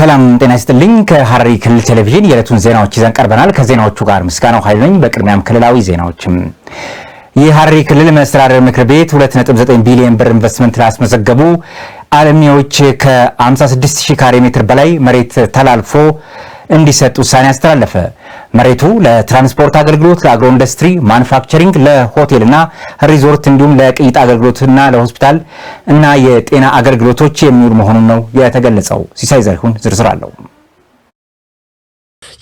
ሰላም ጤና ይስጥልኝ። ከሐረሪ ክልል ቴሌቪዥን የዕለቱን ዜናዎች ይዘን ቀርበናል። ከዜናዎቹ ጋር ምስጋናው ኃይሉ ነኝ። በቅድሚያም ክልላዊ ዜናዎችም የሐረሪ ክልል መስተዳደር ምክር ቤት 2.9 ቢሊዮን ብር ኢንቨስትመንት ላስመዘገቡ አልሚዎች ከ56000 ካሬ ሜትር በላይ መሬት ተላልፎ እንዲሰጥ ውሳኔ አስተላለፈ። መሬቱ ለትራንስፖርት አገልግሎት፣ ለአግሮ ኢንዱስትሪ፣ ማኑፋክቸሪንግ፣ ለሆቴልና ሪዞርት እንዲሁም ለቅይጥ አገልግሎትና ለሆስፒታል እና የጤና አገልግሎቶች የሚውል መሆኑን ነው የተገለጸው። ሲሳይ ዘሪሁን ዝርዝር አለው።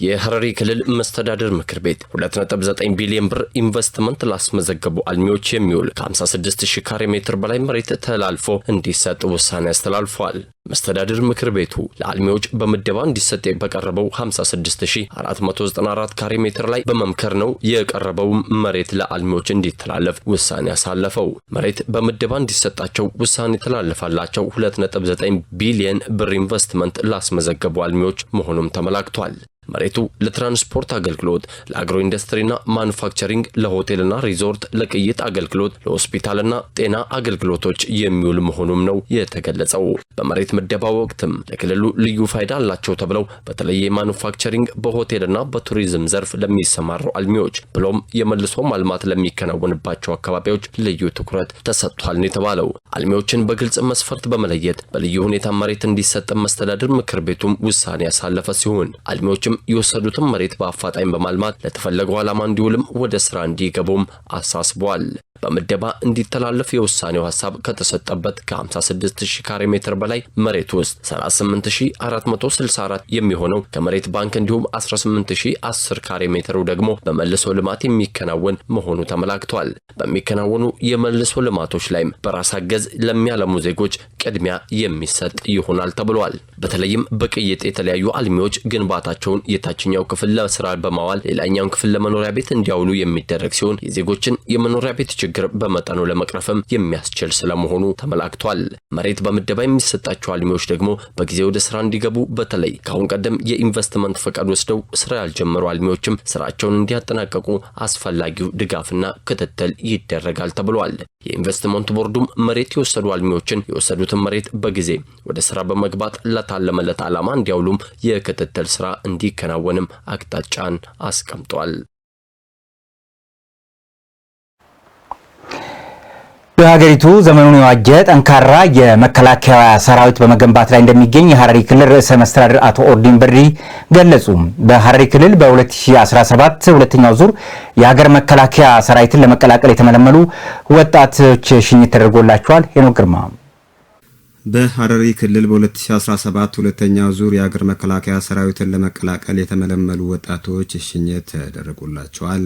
የሐረሪ ክልል መስተዳደር ምክር ቤት 2.9 ቢሊዮን ብር ኢንቨስትመንት ላስመዘገቡ አልሚዎች የሚውል ከ56 ሺህ ካሬ ሜትር በላይ መሬት ተላልፎ እንዲሰጥ ውሳኔ አስተላልፏል። መስተዳድር ምክር ቤቱ ለአልሚዎች በምደባ እንዲሰጥ በቀረበው 56494 ካሬ ሜትር ላይ በመምከር ነው የቀረበው መሬት ለአልሚዎች እንዲተላለፍ ውሳኔ ያሳለፈው። መሬት በምደባ እንዲሰጣቸው ውሳኔ ተላልፋላቸው 2.9 ቢሊየን ብር ኢንቨስትመንት ላስመዘገቡ አልሚዎች መሆኑም ተመላክቷል። መሬቱ ለትራንስፖርት አገልግሎት፣ ለአግሮ ኢንዱስትሪና ማኑፋክቸሪንግ፣ ለሆቴልና ሪዞርት፣ ለቅይጥ አገልግሎት፣ ለሆስፒታልና ጤና አገልግሎቶች የሚውል መሆኑም ነው የተገለጸው። በመሬት ምደባ ወቅትም ለክልሉ ልዩ ፋይዳ አላቸው ተብለው በተለይ የማኑፋክቸሪንግ በሆቴልና በቱሪዝም ዘርፍ ለሚሰማሩ አልሚዎች ብሎም የመልሶ ማልማት ለሚከናወንባቸው አካባቢዎች ልዩ ትኩረት ተሰጥቷል ነው የተባለው። አልሚዎችን በግልጽ መስፈርት በመለየት በልዩ ሁኔታ መሬት እንዲሰጥ መስተዳድር ምክር ቤቱም ውሳኔ ያሳለፈ ሲሆን አልሚዎችም የወሰዱትን መሬት በአፋጣኝ በማልማት ለተፈለገው ዓላማ እንዲውልም ወደ ስራ እንዲገቡም አሳስቧል። በምደባ እንዲተላለፍ የውሳኔው ሀሳብ ከተሰጠበት ከ56 ሺህ ካሬ ሜትር በላይ መሬት ውስጥ 38464 የሚሆነው ከመሬት ባንክ እንዲሁም 18010 ካሬ ሜትሩ ደግሞ በመልሶ ልማት የሚከናወን መሆኑ ተመላክቷል። በሚከናወኑ የመልሶ ልማቶች ላይም በራስ አገዝ ለሚያለሙ ዜጎች ቅድሚያ የሚሰጥ ይሆናል ተብሏል። በተለይም በቅይጥ የተለያዩ አልሚዎች ግንባታቸውን የታችኛው ክፍል ለስራ በማዋል ሌላኛውን ክፍል ለመኖሪያ ቤት እንዲያውሉ የሚደረግ ሲሆን የዜጎችን የመኖሪያ ቤት ችግር በመጠኑ ለመቅረፍም የሚያስችል ስለመሆኑ ተመላክቷል። መሬት በምደባ የሚሰጣቸው ያላቸው አልሚዎች ደግሞ በጊዜ ወደ ስራ እንዲገቡ በተለይ ከአሁን ቀደም የኢንቨስትመንት ፈቃድ ወስደው ስራ ያልጀመሩ አልሚዎችም ስራቸውን እንዲያጠናቀቁ አስፈላጊው ድጋፍና ክትትል ይደረጋል ተብሏል። የኢንቨስትመንት ቦርዱም መሬት የወሰዱ አልሚዎችን የወሰዱትን መሬት በጊዜ ወደ ስራ በመግባት ለታለመለት ዓላማ እንዲያውሉም የክትትል ስራ እንዲከናወንም አቅጣጫን አስቀምጧል። በሀገሪቱ ዘመኑን የዋጀ ጠንካራ የመከላከያ ሰራዊት በመገንባት ላይ እንደሚገኝ የሀረሪ ክልል ርዕሰ መስተዳድር አቶ ኦርዲን በድሪ ገለጹ። በሀረሪ ክልል በ2017 ሁለተኛው ዙር የሀገር መከላከያ ሰራዊትን ለመቀላቀል የተመለመሉ ወጣቶች ሽኝት ተደርጎላቸዋል። ሄኖክ ግርማ በሀረሪ ክልል በ2017 ሁለተኛው ዙር የሀገር መከላከያ ሰራዊትን ለመቀላቀል የተመለመሉ ወጣቶች ሽኝት ተደርጎላቸዋል።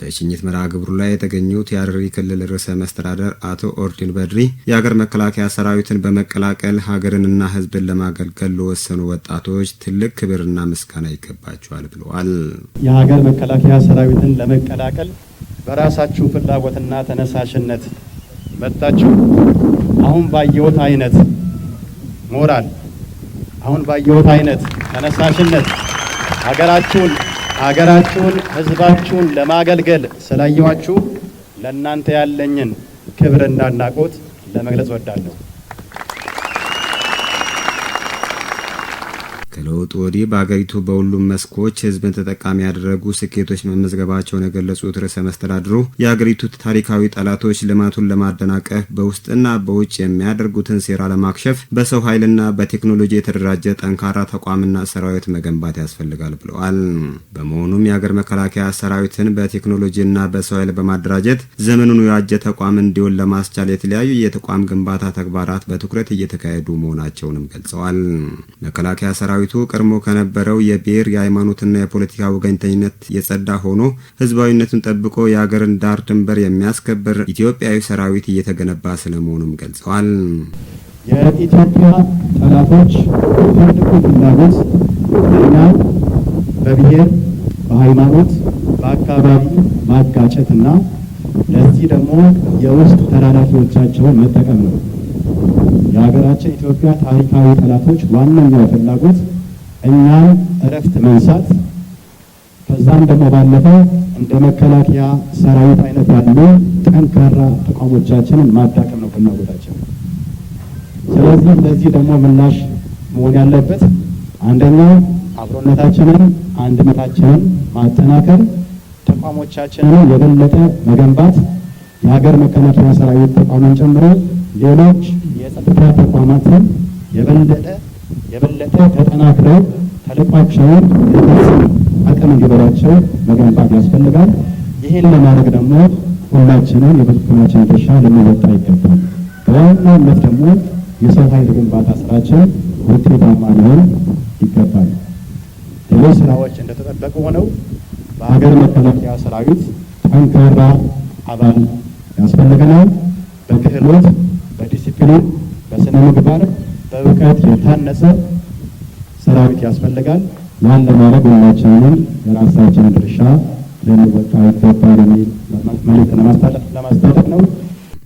በሽኝት መርሃ ግብሩ ላይ የተገኙት የሐረሪ ክልል ርዕሰ መስተዳደር አቶ ኦርዲን በድሪ የሀገር መከላከያ ሰራዊትን በመቀላቀል ሀገርንና ሕዝብን ለማገልገል ለወሰኑ ወጣቶች ትልቅ ክብርና ምስጋና ይገባቸዋል ብለዋል። የሀገር መከላከያ ሰራዊትን ለመቀላቀል በራሳችሁ ፍላጎትና ተነሳሽነት መጥታችሁ አሁን ባየሁት አይነት ሞራል አሁን ባየሁት አይነት ተነሳሽነት ሀገራችሁን አገራችሁን ህዝባችሁን ለማገልገል ስላየኋችሁ ለእናንተ ያለኝን ክብርና አድናቆት ለመግለጽ ወዳለሁ። ከለውጥ ወዲህ በአገሪቱ በሁሉም መስኮች ህዝብን ተጠቃሚ ያደረጉ ስኬቶች መመዝገባቸውን የገለጹት ርዕሰ መስተዳድሩ የአገሪቱ ታሪካዊ ጠላቶች ልማቱን ለማደናቀፍ በውስጥና በውጭ የሚያደርጉትን ሴራ ለማክሸፍ በሰው ኃይልና በቴክኖሎጂ የተደራጀ ጠንካራ ተቋምና ሰራዊት መገንባት ያስፈልጋል ብለዋል። በመሆኑም የአገር መከላከያ ሰራዊትን በቴክኖሎጂና በሰው ኃይል በማደራጀት ዘመኑን የዋጀ ተቋም እንዲሆን ለማስቻል የተለያዩ የተቋም ግንባታ ተግባራት በትኩረት እየተካሄዱ መሆናቸውንም ገልጸዋል። መከላከያ ሰራዊት ሰራዊቱ ቀድሞ ከነበረው የብሔር የሃይማኖትና የፖለቲካ ወገኝተኝነት የጸዳ ሆኖ ህዝባዊነቱን ጠብቆ የሀገርን ዳር ድንበር የሚያስከብር ኢትዮጵያዊ ሰራዊት እየተገነባ ስለመሆኑም ገልጸዋል። የኢትዮጵያ ጠላቶች ትልቁ ፍላጎት እና በብሔር በሃይማኖት በአካባቢ ማጋጨትና ለዚህ ደግሞ የውስጥ ተላላፊዎቻቸውን መጠቀም ነው። የሀገራችን ኢትዮጵያ ታሪካዊ ጠላቶች ዋነኛው ፍላጎት እኛም እረፍት መንሳት ከዛም ደግሞ ባለፈ እንደ መከላከያ ሰራዊት አይነት ያሉ ጠንካራ ተቋሞቻችንን ማዳቀም ነው ፍላጎታቸው። ስለዚህ ለዚህ ደግሞ ምላሽ መሆን ያለበት አንደኛው አብሮነታችንን፣ አንድነታችንን ማጠናከር፣ ተቋሞቻችንን የበለጠ መገንባት የሀገር መከላከያ ሰራዊት ተቋምን ጨምሮ ሌሎች የጸጥታ ተቋማትን የበለጠ የበለጠ ተጠናክረው ተልቋቸውን የፈጽም አቅም እንዲኖራቸው መገንባት ያስፈልጋል። ይህን ለማድረግ ደግሞ ሁላችንም የበኩላችን ድርሻ ልንወጣ ይገባል። በዋናነት ደግሞ የሰው ኃይል ግንባታ ስራችን ውጤታማ ሊሆን ይገባል። ሌሎች ስራዎች እንደተጠበቁ ሆነው በሀገር መከላከያ ሰራዊት ጠንካራ አባል ያስፈልገናል። በክህሎት በዲሲፕሊን በስነ ምግባር በእውቀት የታነጸ ሰራዊት ያስፈልጋል። ያን ለማድረግ ሁላችንም ድርሻ ልንወጣ ይገባል የሚል መልእክት ለማስተላለፍ ነው።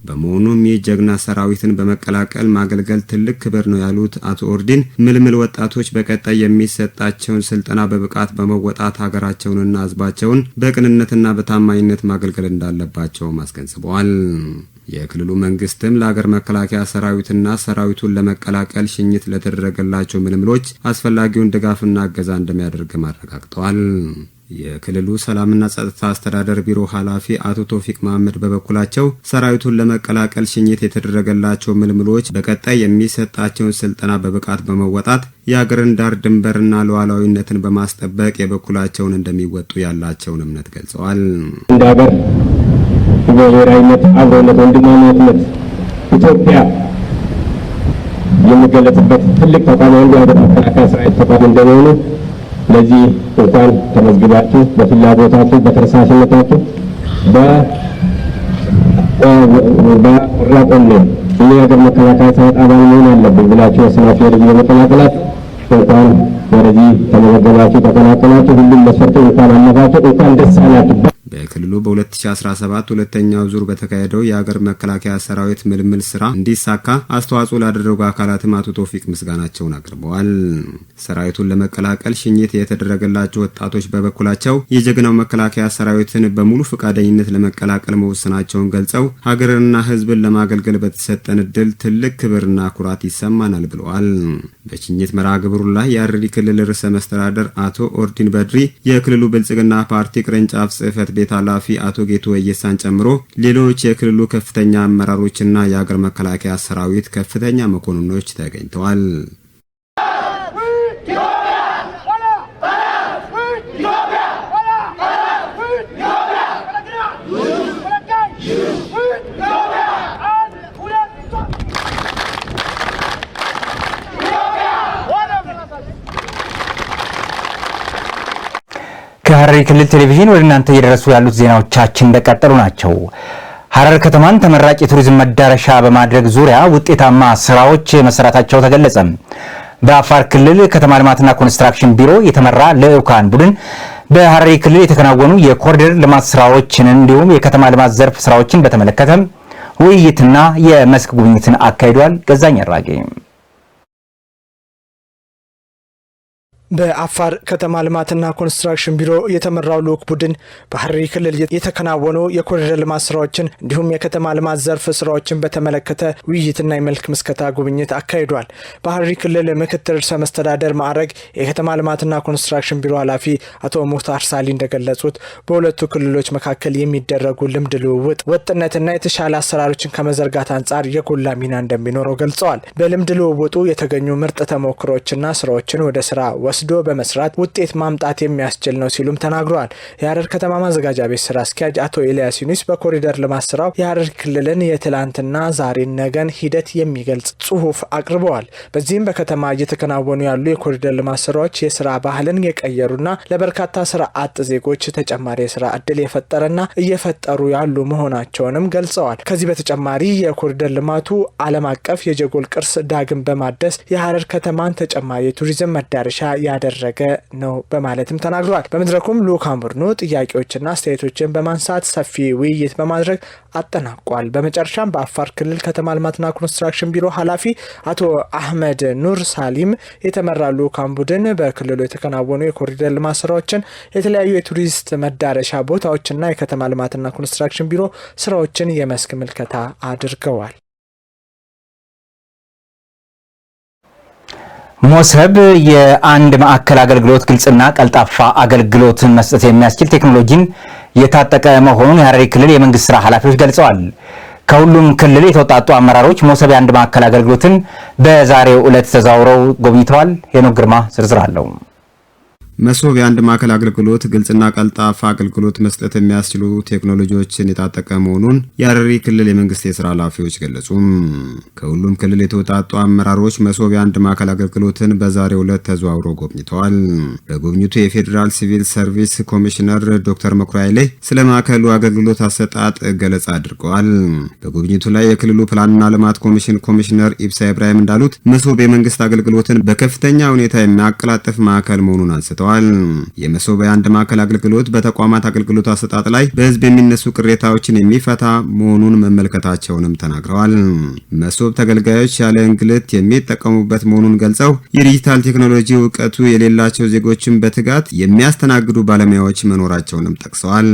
በመሆኑም የጀግና ሰራዊትን በመቀላቀል ማገልገል ትልቅ ክብር ነው ያሉት አቶ ኦርዲን ምልምል ወጣቶች በቀጣይ የሚሰጣቸውን ስልጠና በብቃት በመወጣት ሀገራቸውንና ሕዝባቸውን በቅንነትና በታማኝነት ማገልገል እንዳለባቸውም አስገንዝበዋል። የክልሉ መንግስትም ለሀገር መከላከያ ሰራዊትና ሰራዊቱን ለመቀላቀል ሽኝት ለተደረገላቸው ምልምሎች አስፈላጊውን ድጋፍና እገዛ እንደሚያደርግም አረጋግጠዋል። የክልሉ ሰላምና ጸጥታ አስተዳደር ቢሮ ኃላፊ አቶ ቶፊቅ መሐመድ በበኩላቸው ሰራዊቱን ለመቀላቀል ሽኝት የተደረገላቸው ምልምሎች በቀጣይ የሚሰጣቸውን ስልጠና በብቃት በመወጣት የአገርን ዳር ድንበርና ሉዓላዊነትን በማስጠበቅ የበኩላቸውን እንደሚወጡ ያላቸውን እምነት ገልጸዋል። በብሔራዊነት አብሮነት፣ ወንድማማችነት ኢትዮጵያ የሚገለጽበት ትልቅ ተቋም አንዱ ወደ መከላከያ ሰራዊት ተቋም እንደመሆኑ ለዚህ እንኳን ተመዝግባችሁ በፍላጎታችሁ በተነሳሽነታችሁ በራ እኔ ሀገር መከላከያ ሰራዊት አባል መሆን አለብኝ ብላችሁ ወስናችሁ ወደዚህ በመቀላቀላችሁ እንኳን ወደዚህ ተመዘገባችሁ፣ ተቀላቀላችሁ። ሁሉም መስፈርቱ እንኳን አለፋችሁ፣ እንኳን ደስ አላችሁ። በ2017 ሁለተኛው ዙር በተካሄደው የአገር መከላከያ ሰራዊት ምልምል ስራ እንዲሳካ አስተዋጽኦ ላደረጉ አካላትም አቶ ቶፊቅ ምስጋናቸውን አቅርበዋል። ሰራዊቱን ለመቀላቀል ሽኝት የተደረገላቸው ወጣቶች በበኩላቸው የጀግናው መከላከያ ሰራዊትን በሙሉ ፈቃደኝነት ለመቀላቀል መወሰናቸውን ገልጸው ሀገርንና ሕዝብን ለማገልገል በተሰጠን እድል ትልቅ ክብርና ኩራት ይሰማናል ብለዋል። በሽኝት መርሃ ግብሩ ላይ የሐረሪ ክልል ርዕሰ መስተዳደር አቶ ኦርዲን በድሪ፣ የክልሉ ብልጽግና ፓርቲ ቅርንጫፍ ጽህፈት ቤት ኃላፊ ኃላፊ አቶ ጌቱ ወየሳን ጨምሮ ሌሎች የክልሉ ከፍተኛ አመራሮችና የአገር መከላከያ ሰራዊት ከፍተኛ መኮንኖች ተገኝተዋል። ከሐረሪ ክልል ቴሌቪዥን ወደ እናንተ እየደረሱ ያሉት ዜናዎቻችን እንደቀጠሉ ናቸው። ሐረር ከተማን ተመራጭ የቱሪዝም መዳረሻ በማድረግ ዙሪያ ውጤታማ ስራዎች መሰራታቸው ተገለጸ። በአፋር ክልል ከተማ ልማትና ኮንስትራክሽን ቢሮ የተመራ ልዑካን ቡድን በሐረሪ ክልል የተከናወኑ የኮሪደር ልማት ስራዎችን እንዲሁም የከተማ ልማት ዘርፍ ስራዎችን በተመለከተ ውይይትና የመስክ ጉብኝትን አካሂዷል። ገዛኝ አራጌ በአፋር ከተማ ልማትና ኮንስትራክሽን ቢሮ የተመራው ልዑክ ቡድን በሐረሪ ክልል የተከናወኑ የኮሪደር ልማት ስራዎችን እንዲሁም የከተማ ልማት ዘርፍ ስራዎችን በተመለከተ ውይይትና የመልክ ምስከታ ጉብኝት አካሂዷል። በሐረሪ ክልል ምክትል ርዕሰ መስተዳደር ማዕረግ የከተማ ልማትና ኮንስትራክሽን ቢሮ ኃላፊ አቶ ሙህታር ሳሊ እንደገለጹት በሁለቱ ክልሎች መካከል የሚደረጉ ልምድ ልውውጥ፣ ወጥነትና የተሻለ አሰራሮችን ከመዘርጋት አንጻር የጎላ ሚና እንደሚኖረው ገልጸዋል። በልምድ ልውውጡ የተገኙ ምርጥ ተሞክሮችና ስራዎችን ወደ ስራ ወስ ወስዶ በመስራት ውጤት ማምጣት የሚያስችል ነው ሲሉም ተናግረዋል። የሀረር ከተማ ማዘጋጃ ቤት ስራ አስኪያጅ አቶ ኤልያስ ዩኒስ በኮሪደር ልማት ስራው የሀረር ክልልን የትላንትና ዛሬን ነገን ሂደት የሚገልጽ ጽሁፍ አቅርበዋል። በዚህም በከተማ እየተከናወኑ ያሉ የኮሪደር ልማት ስራዎች የስራ ባህልን የቀየሩና ለበርካታ ስራ አጥ ዜጎች ተጨማሪ የስራ እድል የፈጠረና እየፈጠሩ ያሉ መሆናቸውንም ገልጸዋል። ከዚህ በተጨማሪ የኮሪደር ልማቱ ዓለም አቀፍ የጀጎል ቅርስ ዳግም በማደስ የሀረር ከተማን ተጨማሪ የቱሪዝም መዳረሻ ያደረገ ነው በማለትም ተናግሯል። በመድረኩም ልዑካን ቡድኑ ጥያቄዎችና አስተያየቶችን በማንሳት ሰፊ ውይይት በማድረግ አጠናቋል። በመጨረሻም በአፋር ክልል ከተማ ልማትና ኮንስትራክሽን ቢሮ ኃላፊ አቶ አህመድ ኑር ሳሊም የተመራ ልዑካን ቡድን በክልሉ የተከናወኑ የኮሪደር ልማት ስራዎችን፣ የተለያዩ የቱሪስት መዳረሻ ቦታዎችና የከተማ ልማትና ኮንስትራክሽን ቢሮ ስራዎችን የመስክ ምልከታ አድርገዋል። ሞሰብ የአንድ ማዕከል አገልግሎት ግልጽና ቀልጣፋ አገልግሎት መስጠት የሚያስችል ቴክኖሎጂን የታጠቀ መሆኑን የሐረሪ ክልል የመንግስት ስራ ኃላፊዎች ገልጸዋል። ከሁሉም ክልል የተውጣጡ አመራሮች ሞሰብ የአንድ ማዕከል አገልግሎትን በዛሬው ዕለት ተዛውረው ጎብኝተዋል። ሄኖክ ግርማ ዝርዝር አለው። መሶብ የአንድ ማዕከል አገልግሎት ግልጽና ቀልጣፋ አገልግሎት መስጠት የሚያስችሉ ቴክኖሎጂዎችን የታጠቀ መሆኑን የሐረሪ ክልል የመንግስት የስራ ኃላፊዎች ገለጹም። ከሁሉም ክልል የተውጣጡ አመራሮች መሶብ የአንድ ማዕከል አገልግሎትን በዛሬው ዕለት ተዘዋውሮ ጎብኝተዋል። በጉብኝቱ የፌዴራል ሲቪል ሰርቪስ ኮሚሽነር ዶክተር መኩሪያ ኃይሌ ስለ ማዕከሉ አገልግሎት አሰጣጥ ገለጻ አድርገዋል። በጉብኝቱ ላይ የክልሉ ፕላንና ልማት ኮሚሽን ኮሚሽነር ኢብሳ ኢብራሂም እንዳሉት መሶብ የመንግስት አገልግሎትን በከፍተኛ ሁኔታ የሚያቀላጥፍ ማዕከል መሆኑን አንስተዋል። ተሰጥተዋል። የመሶብ አንድ ማዕከል አገልግሎት በተቋማት አገልግሎት አሰጣጥ ላይ በህዝብ የሚነሱ ቅሬታዎችን የሚፈታ መሆኑን መመልከታቸውንም ተናግረዋል። መሶብ ተገልጋዮች ያለ እንግልት የሚጠቀሙበት መሆኑን ገልጸው የዲጂታል ቴክኖሎጂ እውቀቱ የሌላቸው ዜጎችን በትጋት የሚያስተናግዱ ባለሙያዎች መኖራቸውንም ጠቅሰዋል።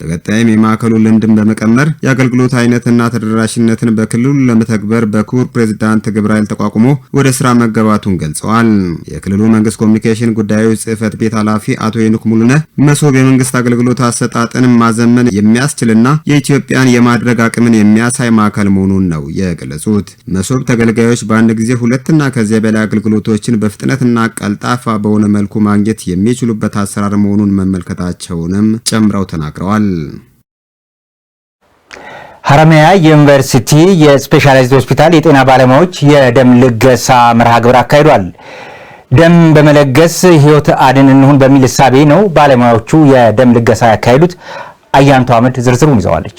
በቀጣይም የማዕከሉ ልምድን በመቀመር የአገልግሎት አይነትና ተደራሽነትን በክልሉ ለመተግበር በክቡር ፕሬዝዳንት ግብረ ኃይል ተቋቁሞ ወደ ስራ መገባቱን ገልጸዋል። የክልሉ መንግስት ኮሚኒኬሽን ጉዳዮች ጽፈ ጽህፈት ቤት ኃላፊ አቶ የኑክ ሙሉነህ መሶብ የመንግስት አገልግሎት አሰጣጥን ማዘመን የሚያስችልና የኢትዮጵያን የማድረግ አቅምን የሚያሳይ ማዕከል መሆኑን ነው የገለጹት። መሶብ ተገልጋዮች በአንድ ጊዜ ሁለትና ከዚያ በላይ አገልግሎቶችን በፍጥነትና ቀልጣፋ በሆነ መልኩ ማግኘት የሚችሉበት አሰራር መሆኑን መመልከታቸውንም ጨምረው ተናግረዋል። ሀረማያ ዩኒቨርሲቲ የስፔሻላይዝድ ሆስፒታል የጤና ባለሙያዎች የደም ልገሳ መርሃ ግብር አካሂዷል። ደም በመለገስ ህይወት አድን እንሁን በሚል እሳቤ ነው ባለሙያዎቹ የደም ልገሳ ያካሄዱት። አያንቱ አመድ ዝርዝሩን ይዘዋለች።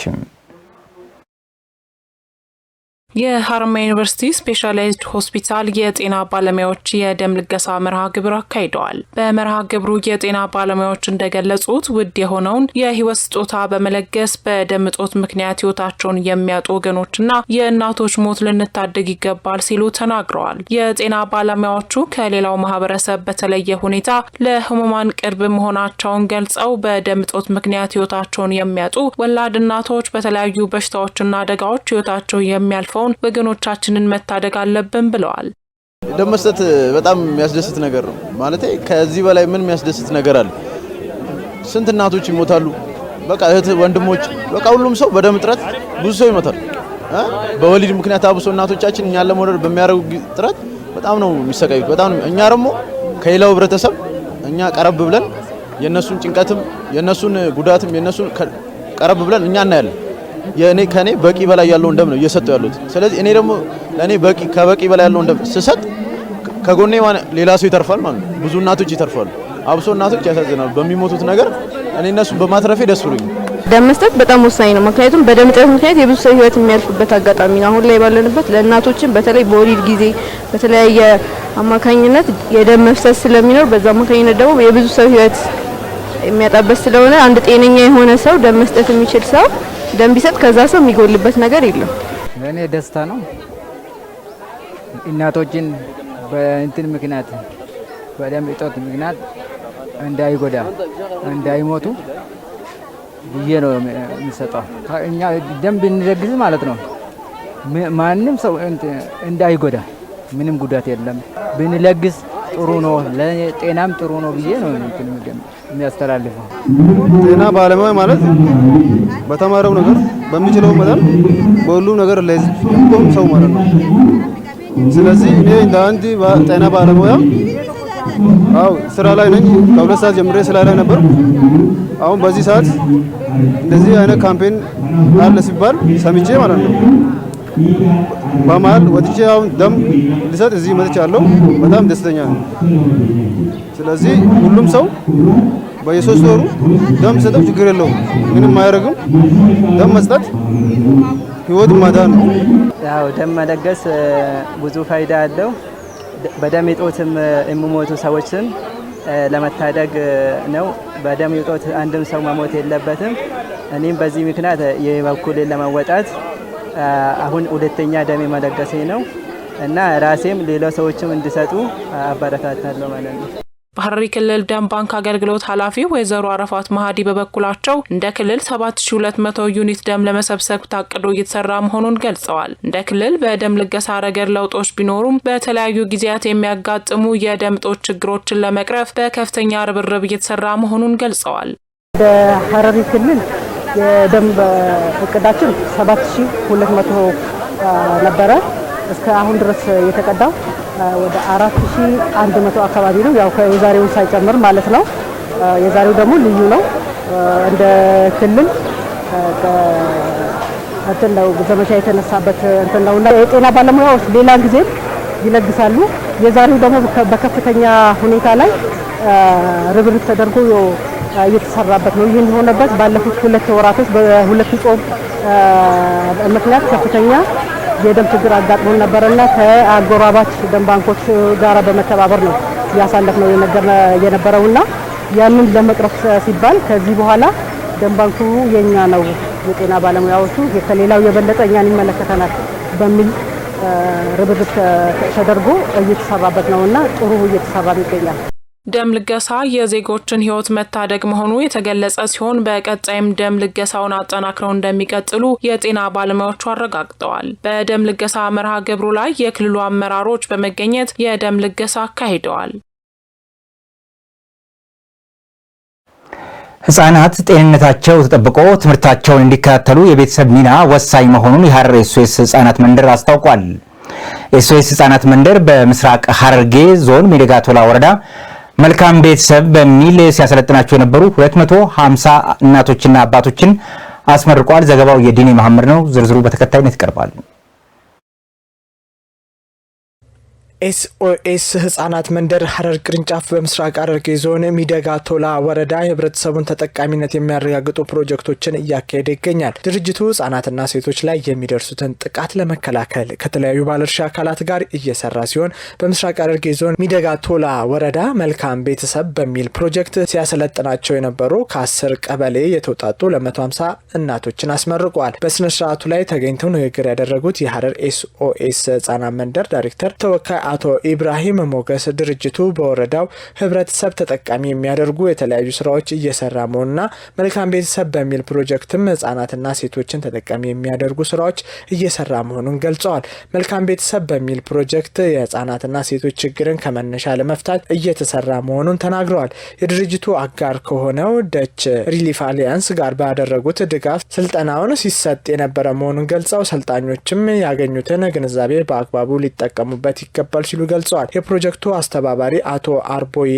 የሀረማያ ዩኒቨርሲቲ ስፔሻላይዝድ ሆስፒታል የጤና ባለሙያዎች የደም ልገሳ መርሃ ግብር አካሂደዋል። በመርሃ ግብሩ የጤና ባለሙያዎች እንደገለጹት ውድ የሆነውን የህይወት ስጦታ በመለገስ በደም እጦት ምክንያት ህይወታቸውን የሚያጡ ወገኖችና የእናቶች ሞት ልንታደግ ይገባል ሲሉ ተናግረዋል። የጤና ባለሙያዎቹ ከሌላው ማህበረሰብ በተለየ ሁኔታ ለህሙማን ቅርብ መሆናቸውን ገልጸው በደም እጦት ምክንያት ህይወታቸውን የሚያጡ ወላድ እናቶች በተለያዩ በሽታዎችና አደጋዎች ህይወታቸው የሚያልፈውን በመሆን ወገኖቻችንን መታደግ አለብን ብለዋል። ደም መስጠት በጣም የሚያስደስት ነገር ነው። ማለት ከዚህ በላይ ምን የሚያስደስት ነገር አለ? ስንት እናቶች ይሞታሉ። በቃ እህት ወንድሞች፣ በቃ ሁሉም ሰው በደም እጥረት ብዙ ሰው ይሞታል። በወሊድ ምክንያት አብሶ እናቶቻችን እኛ ለመውለድ በሚያደርጉ ጥረት በጣም ነው የሚሰቃዩት። በጣም እኛ ደግሞ ከሌላው ህብረተሰብ እኛ ቀረብ ብለን የነሱን ጭንቀትም የነሱን ጉዳትም የነሱን ቀረብ ብለን እኛ እናያለን። የኔ ከኔ በቂ በላይ ያለው እንደም ነው እየሰጡ ያሉት። ስለዚህ እኔ ደግሞ ለኔ በቂ ከበቂ በላይ ያለው እንደም ስሰጥ ከጎኔ ሌላ ሰው ይተርፋል ማለት ነው። ብዙ እናቶች ይተርፋሉ። አብሶ እናቶች ያሳዝናሉ በሚሞቱት ነገር። እኔ እነሱን በማትረፌ ደስ ብሎኛል። ደም መስጠት በጣም ወሳኝ ነው። ምክንያቱም በደም እጥረት ምክንያት የብዙ ሰው ህይወት የሚያልፍበት አጋጣሚ ነው። አሁን ላይ ባለንበት ለእናቶችን በተለይ በወሊድ ጊዜ በተለያየ አማካኝነት የደም መፍሰስ ስለሚኖር በዛ አማካኝነት ደግሞ የብዙ ሰው ህይወት የሚያጣበት ስለሆነ አንድ ጤነኛ የሆነ ሰው ደም መስጠት የሚችል ሰው ደም ቢሰጥ ከዛ ሰው የሚጎልበት ነገር የለም። እኔ ደስታ ነው። እናቶችን በእንትን ምክንያት በደም እጦት ምክንያት እንዳይጎዳ እንዳይሞቱ ብዬ ነው የሚሰጠው። እኛ ደም ብንለግስ ማለት ነው ማንም ሰው እንዳይጎዳ ምንም ጉዳት የለም ብንለግስ ጥሩ ነው፣ ለጤናም ጥሩ ነው ብዬ ነው የሚያስተላልፈው። ጤና ባለሙያ ማለት በተማረው ነገር በሚችለው መጠን በሁሉም ነገር ለህዝብ ሰው ማለት ነው። ስለዚህ እኔ እንደ አንድ ጤና ባለሙያ አው ስራ ላይ ነኝ። ከሁለት ሰዓት ጀምሬ ስራ ላይ ነበር። አሁን በዚህ ሰዓት እንደዚህ አይነት ካምፔን አለ ሲባል ሰምቼ ማለት ነው በመሀል ወጥቼ አሁን ደም ልሰጥ እዚህ መጥቻለሁ። በጣም ደስተኛ ነው። ስለዚህ ሁሉም ሰው በየሶስት ወሩ ደም ሰጠው ችግር የለውም፣ ምንም አያደርግም። ደም መስጠት ህይወት ማዳን ነው። ያው ደም መለገስ ብዙ ፋይዳ አለው። በደም እጦትም የሚሞቱ ሰዎችን ለመታደግ ነው። በደም እጦት አንድም ሰው መሞት የለበትም። እኔም በዚህ ምክንያት የበኩሌን ለመወጣት አሁን ሁለተኛ ደሜ መለገሴ ነው እና ራሴም ሌላ ሰዎችም እንዲሰጡ አበረታታለሁ ማለት ነው። በሐረሪ ክልል ደም ባንክ አገልግሎት ኃላፊ ወይዘሮ አረፋት መሃዲ በበኩላቸው እንደ ክልል 7200 ዩኒት ደም ለመሰብሰብ ታቅዶ እየተሰራ መሆኑን ገልጸዋል። እንደ ክልል በደም ልገሳ ረገድ ለውጦች ቢኖሩም በተለያዩ ጊዜያት የሚያጋጥሙ የደም እጦት ችግሮችን ለመቅረፍ በከፍተኛ ርብርብ እየተሰራ መሆኑን ገልጸዋል። በሐረሪ ክልል የደንብ እቅዳችን 7200 ነበረ። እስከ አሁን ድረስ የተቀዳው ወደ 4100 አካባቢ ነው። ያው የዛሬውን ሳይጨምር ማለት ነው። የዛሬው ደግሞ ልዩ ነው። እንደ ክልል እንትን ነው ዘመቻ የተነሳበት እንትን እና የጤና ባለሙያዎች ሌላ ጊዜ ይለግሳሉ። የዛሬው ደግሞ በከፍተኛ ሁኔታ ላይ ርብርብ ተደርጎ እየተሰራበት ነው። ይህም የሆነበት ባለፉት ሁለት ወራቶች በሁለቱ ጾም ምክንያት ከፍተኛ የደም ችግር አጋጥሞ ነበረና ከአጎራባች ደም ባንኮች ጋራ በመተባበር ነው ያሳለፍ ነው የነበረውና ያንን ለመቅረፍ ሲባል ከዚህ በኋላ ደም ባንኩ የኛ ነው፣ የጤና ባለሙያዎቹ ከሌላው የበለጠ እኛን ይመለከተናል በሚል ርብርብ ተደርጎ እየተሰራበት ነውና ጥሩ እየተሰራ ይገኛል። ደም ልገሳ የዜጎችን ህይወት መታደግ መሆኑ የተገለጸ ሲሆን በቀጣይም ደም ልገሳውን አጠናክረው እንደሚቀጥሉ የጤና ባለሙያዎቹ አረጋግጠዋል። በደም ልገሳ መርሃ ግብሩ ላይ የክልሉ አመራሮች በመገኘት የደም ልገሳ አካሂደዋል። ህጻናት ጤንነታቸው ተጠብቆ ትምህርታቸውን እንዲከታተሉ የቤተሰብ ሚና ወሳኝ መሆኑን የሐረር ኤስኦኤስ ህጻናት መንደር አስታውቋል። ኤስኦኤስ ህጻናት መንደር በምስራቅ ሐረርጌ ዞን ሜዴጋ ወረዳ መልካም ቤተሰብ በሚል ሲያሰለጥናቸው የነበሩ 250 እናቶችና አባቶችን አስመርቋል። ዘገባው የዲኔ መሐመድ ነው። ዝርዝሩ በተከታይነት ይቀርባል። ኤስኦኤስ ህጻናት መንደር ሀረር ቅርንጫፍ በምስራቅ አረርጌ ዞን ሚደጋ ቶላ ወረዳ የህብረተሰቡን ተጠቃሚነት የሚያረጋግጡ ፕሮጀክቶችን እያካሄደ ይገኛል። ድርጅቱ ህጻናትና ሴቶች ላይ የሚደርሱትን ጥቃት ለመከላከል ከተለያዩ ባለድርሻ አካላት ጋር እየሰራ ሲሆን በምስራቅ አረርጌ ዞን ሚደጋ ቶላ ወረዳ መልካም ቤተሰብ በሚል ፕሮጀክት ሲያሰለጥናቸው የነበሩ ከአስር ቀበሌ የተውጣጡ ለመቶ ሃምሳ እናቶችን አስመርቋል። በስነ ላይ ተገኝተው ንግግር ያደረጉት የሀረር ኤስኦኤስ ህጻናት መንደር ዳይሬክተር ተወካይ አቶ ኢብራሂም ሞገስ ድርጅቱ በወረዳው ህብረተሰብ ተጠቃሚ የሚያደርጉ የተለያዩ ስራዎች እየሰራ መሆኑና መልካም ቤተሰብ በሚል ፕሮጀክትም ህጻናትና ሴቶችን ተጠቃሚ የሚያደርጉ ስራዎች እየሰራ መሆኑን ገልጸዋል። መልካም ቤተሰብ በሚል ፕሮጀክት የህጻናትና ሴቶች ችግርን ከመነሻ ለመፍታት እየተሰራ መሆኑን ተናግረዋል። የድርጅቱ አጋር ከሆነው ደች ሪሊፍ አሊያንስ ጋር ባደረጉት ድጋፍ ስልጠናውን ሲሰጥ የነበረ መሆኑን ገልጸው ሰልጣኞችም ያገኙትን ግንዛቤ በአግባቡ ሊጠቀሙበት ይገባል ተሰጥቷል ሲሉ ገልጸዋል። የፕሮጀክቱ አስተባባሪ አቶ አርቦዬ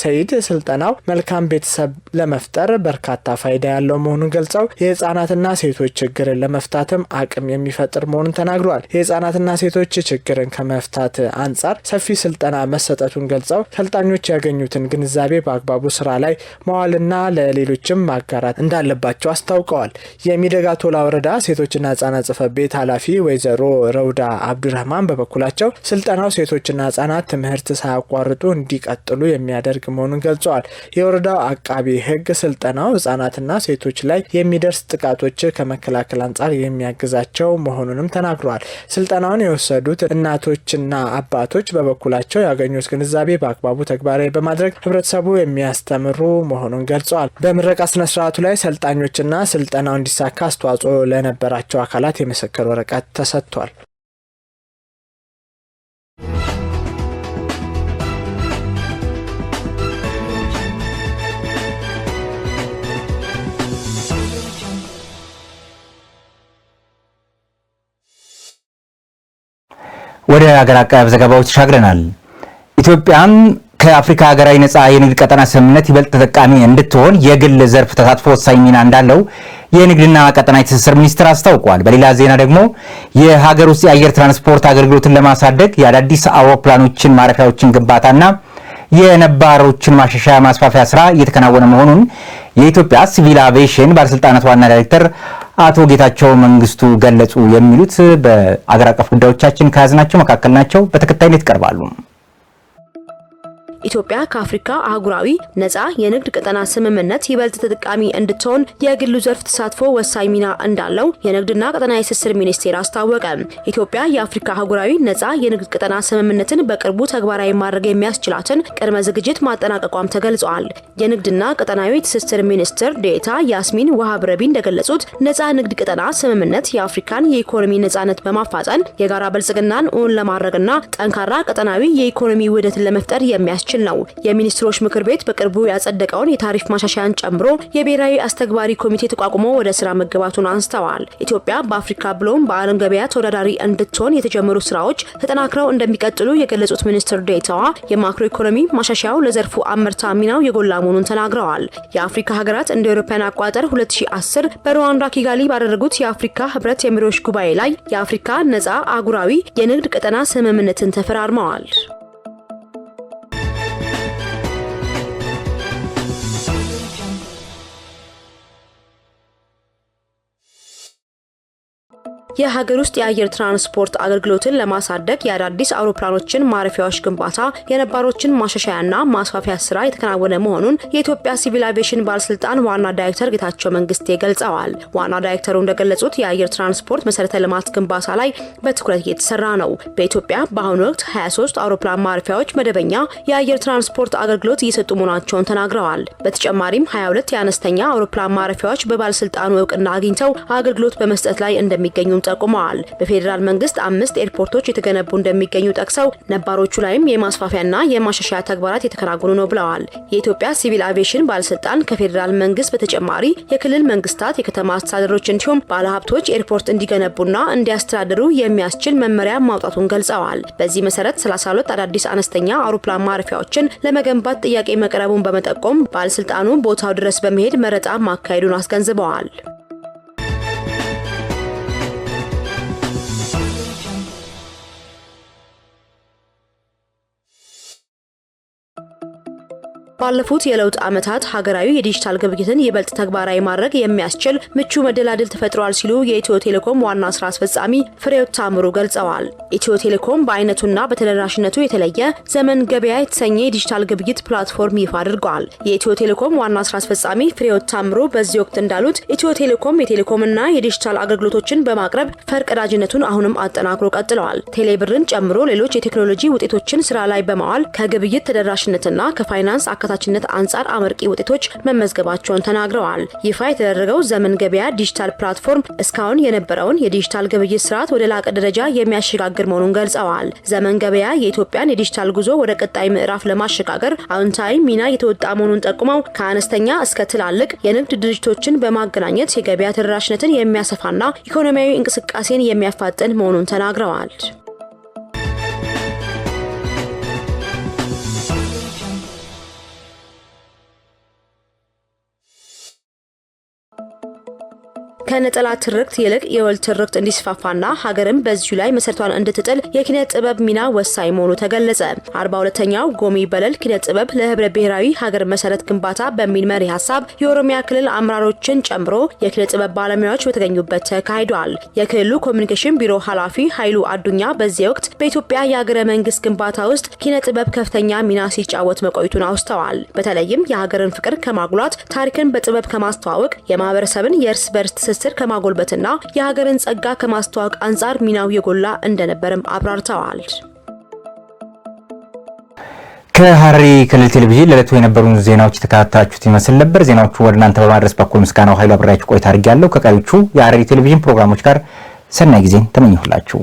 ሰይድ ስልጠናው መልካም ቤተሰብ ለመፍጠር በርካታ ፋይዳ ያለው መሆኑን ገልጸው የህጻናትና ሴቶች ችግርን ለመፍታትም አቅም የሚፈጥር መሆኑን ተናግረዋል። የህጻናትና ሴቶች ችግርን ከመፍታት አንጻር ሰፊ ስልጠና መሰጠቱን ገልጸው ሰልጣኞች ያገኙትን ግንዛቤ በአግባቡ ስራ ላይ መዋልና ለሌሎችም ማጋራት እንዳለባቸው አስታውቀዋል። የሚደጋ ቶላ ወረዳ ሴቶችና ህጻናት ጽህፈት ቤት ኃላፊ ወይዘሮ ረውዳ አብዱራህማን በበኩላቸው ስልጠናው ሴቶችና ህጻናት ትምህርት ሳያቋርጡ እንዲቀጥሉ የሚያደርግ መሆኑን ገልጸዋል። የወረዳው አቃቢ ህግ ስልጠናው ህጻናትና ሴቶች ላይ የሚደርስ ጥቃቶች ከመከላከል አንጻር የሚያግዛቸው መሆኑንም ተናግረዋል። ስልጠናውን የወሰዱት እናቶችና አባቶች በበኩላቸው ያገኙት ግንዛቤ በአግባቡ ተግባራዊ በማድረግ ህብረተሰቡ የሚያስተምሩ መሆኑን ገልጸዋል። በምረቃ ስነስርዓቱ ላይ ሰልጣኞችና ስልጠናው እንዲሳካ አስተዋጽኦ ለነበራቸው አካላት የምስክር ወረቀት ተሰጥቷል። ወደ ሀገር አቀፍ ዘገባዎች ተሻግረናል። ኢትዮጵያም ከአፍሪካ ሀገራዊ ነጻ የንግድ ቀጠና ስምምነት ይበልጥ ተጠቃሚ እንድትሆን የግል ዘርፍ ተሳትፎ ወሳኝ ሚና እንዳለው የንግድና ቀጠናዊ ትስስር ሚኒስቴር አስታውቋል። በሌላ ዜና ደግሞ የሀገር ውስጥ የአየር ትራንስፖርት አገልግሎትን ለማሳደግ የአዳዲስ አውሮፕላኖችን ማረፊያዎችን ግንባታና የነባሮችን ማሻሻያ ማስፋፊያ ስራ እየተከናወነ መሆኑን የኢትዮጵያ ሲቪል አቪዬሽን ባለስልጣናት ዋና ዳይሬክተር አቶ ጌታቸው መንግስቱ ገለጹ የሚሉት በአገር አቀፍ ጉዳዮቻችን ከያዝናቸው መካከል ናቸው። በተከታይነት ይቀርባሉ። ኢትዮጵያ ከአፍሪካ አህጉራዊ ነጻ የንግድ ቀጠና ስምምነት ይበልጥ ተጠቃሚ እንድትሆን የግሉ ዘርፍ ተሳትፎ ወሳኝ ሚና እንዳለው የንግድና ቀጠና የትስስር ሚኒስቴር አስታወቀ። ኢትዮጵያ የአፍሪካ አህጉራዊ ነጻ የንግድ ቀጠና ስምምነትን በቅርቡ ተግባራዊ ማድረግ የሚያስችላትን ቅድመ ዝግጅት ማጠናቀቋም ተገልጿል። የንግድና ቀጠናዊ ትስስር ሚኒስትር ዴታ ያስሚን ወሃብ ረቢ እንደገለጹት ነጻ ንግድ ቀጠና ስምምነት የአፍሪካን የኢኮኖሚ ነጻነት በማፋጠን የጋራ ብልጽግናን እውን ለማድረግና ጠንካራ ቀጠናዊ የኢኮኖሚ ውህደትን ለመፍጠር የሚያስችል የሚያስችል ነው። የሚኒስትሮች ምክር ቤት በቅርቡ ያጸደቀውን የታሪፍ ማሻሻያን ጨምሮ የብሔራዊ አስተግባሪ ኮሚቴ ተቋቁሞ ወደ ስራ መገባቱን አንስተዋል። ኢትዮጵያ በአፍሪካ ብሎም በዓለም ገበያ ተወዳዳሪ እንድትሆን የተጀመሩ ስራዎች ተጠናክረው እንደሚቀጥሉ የገለጹት ሚኒስትር ዴታዋ የማክሮ ኢኮኖሚ ማሻሻያው ለዘርፉ አመርታ ሚናው የጎላ መሆኑን ተናግረዋል። የአፍሪካ ሀገራት እንደ አውሮፓውያን አቆጣጠር 2010 በሩዋንዳ ኪጋሊ ባደረጉት የአፍሪካ ህብረት የመሪዎች ጉባኤ ላይ የአፍሪካ ነጻ አህጉራዊ የንግድ ቀጠና ስምምነትን ተፈራርመዋል። የሀገር ውስጥ የአየር ትራንስፖርት አገልግሎትን ለማሳደግ የአዳዲስ አውሮፕላኖችን ማረፊያዎች ግንባታ፣ የነባሮችን ማሻሻያና ማስፋፊያ ስራ የተከናወነ መሆኑን የኢትዮጵያ ሲቪል አቪዬሽን ባለስልጣን ዋና ዳይሬክተር ጌታቸው መንግስቴ ገልጸዋል። ዋና ዳይሬክተሩ እንደገለጹት የአየር ትራንስፖርት መሰረተ ልማት ግንባታ ላይ በትኩረት እየተሰራ ነው። በኢትዮጵያ በአሁኑ ወቅት 23 አውሮፕላን ማረፊያዎች መደበኛ የአየር ትራንስፖርት አገልግሎት እየሰጡ መሆናቸውን ተናግረዋል። በተጨማሪም 22 የአነስተኛ አውሮፕላን ማረፊያዎች በባለስልጣኑ እውቅና አግኝተው አገልግሎት በመስጠት ላይ እንደሚገኙም ጠቁመዋል። በፌዴራል መንግስት አምስት ኤርፖርቶች የተገነቡ እንደሚገኙ ጠቅሰው ነባሮቹ ላይም የማስፋፊያና የማሻሻያ ተግባራት የተከናወኑ ነው ብለዋል። የኢትዮጵያ ሲቪል አቪዬሽን ባለስልጣን ከፌዴራል መንግስት በተጨማሪ የክልል መንግስታት፣ የከተማ አስተዳደሮች እንዲሁም ባለሀብቶች ኤርፖርት እንዲገነቡና እንዲያስተዳድሩ የሚያስችል መመሪያ ማውጣቱን ገልጸዋል። በዚህ መሰረት 32 አዳዲስ አነስተኛ አውሮፕላን ማረፊያዎችን ለመገንባት ጥያቄ መቅረቡን በመጠቆም ባለስልጣኑ ቦታው ድረስ በመሄድ መረጣ ማካሄዱን አስገንዝበዋል። ባለፉት የለውጥ ዓመታት ሀገራዊ የዲጂታል ግብይትን ይበልጥ ተግባራዊ ማድረግ የሚያስችል ምቹ መደላድል ተፈጥሯል ሲሉ የኢትዮ ቴሌኮም ዋና ስራ አስፈጻሚ ፍሬሕይወት ታምሩ ገልጸዋል። ኢትዮ ቴሌኮም በአይነቱና በተደራሽነቱ የተለየ ዘመን ገበያ የተሰኘ የዲጂታል ግብይት ፕላትፎርም ይፋ አድርገዋል። የኢትዮ ቴሌኮም ዋና ስራ አስፈጻሚ ፍሬሕይወት ታምሩ በዚህ ወቅት እንዳሉት ኢትዮ ቴሌኮም የቴሌኮምና የዲጂታል አገልግሎቶችን በማቅረብ ፈርቀዳጅነቱን አሁንም አጠናክሮ ቀጥለዋል። ቴሌብርን ጨምሮ ሌሎች የቴክኖሎጂ ውጤቶችን ስራ ላይ በማዋል ከግብይት ተደራሽነትና ከፋይናንስ አካ አካታችነት አንጻር አመርቂ ውጤቶች መመዝገባቸውን ተናግረዋል። ይፋ የተደረገው ዘመን ገበያ ዲጂታል ፕላትፎርም እስካሁን የነበረውን የዲጂታል ግብይት ስርዓት ወደ ላቀ ደረጃ የሚያሸጋግር መሆኑን ገልጸዋል። ዘመን ገበያ የኢትዮጵያን የዲጂታል ጉዞ ወደ ቀጣይ ምዕራፍ ለማሸጋገር አዎንታዊ ሚና የተወጣ መሆኑን ጠቁመው ከአነስተኛ እስከ ትላልቅ የንግድ ድርጅቶችን በማገናኘት የገበያ ተደራሽነትን የሚያሰፋና ኢኮኖሚያዊ እንቅስቃሴን የሚያፋጥን መሆኑን ተናግረዋል። ከነጠላ ትርክት ይልቅ የወል ትርክት እንዲስፋፋና ሀገርም በዚሁ ላይ መሰረቷን እንድትጥል የኪነ ጥበብ ሚና ወሳኝ መሆኑ ተገለጸ። አርባ ሁለተኛው ጎሚ በለል ኪነ ጥበብ ለህብረ ብሔራዊ ሀገር መሰረት ግንባታ በሚል መሪ ሀሳብ የኦሮሚያ ክልል አመራሮችን ጨምሮ የኪነ ጥበብ ባለሙያዎች በተገኙበት ተካሂዷል። የክልሉ ኮሚኒኬሽን ቢሮ ኃላፊ ኃይሉ አዱኛ በዚህ ወቅት በኢትዮጵያ የሀገረ መንግስት ግንባታ ውስጥ ኪነ ጥበብ ከፍተኛ ሚና ሲጫወት መቆየቱን አውስተዋል። በተለይም የሀገርን ፍቅር ከማጉላት ታሪክን በጥበብ ከማስተዋወቅ የማህበረሰብን የእርስ በርስ ትስስር ከማጎልበትና የሀገርን ጸጋ ከማስተዋወቅ አንጻር ሚናው የጎላ እንደነበርም አብራርተዋል። ከሐረሪ ክልል ቴሌቪዥን ለዕለቱ የነበሩን ዜናዎች የተከታታችሁት ይመስል ነበር። ዜናዎቹ ወደ እናንተ በማድረስ በኩል ምስጋናው ኃይሉ አብሬያችሁ ቆይታ አድርጌያለሁ። ከቀሪዎቹ የሐረሪ ቴሌቪዥን ፕሮግራሞች ጋር ሰናይ ጊዜን ተመኘሁላችሁ።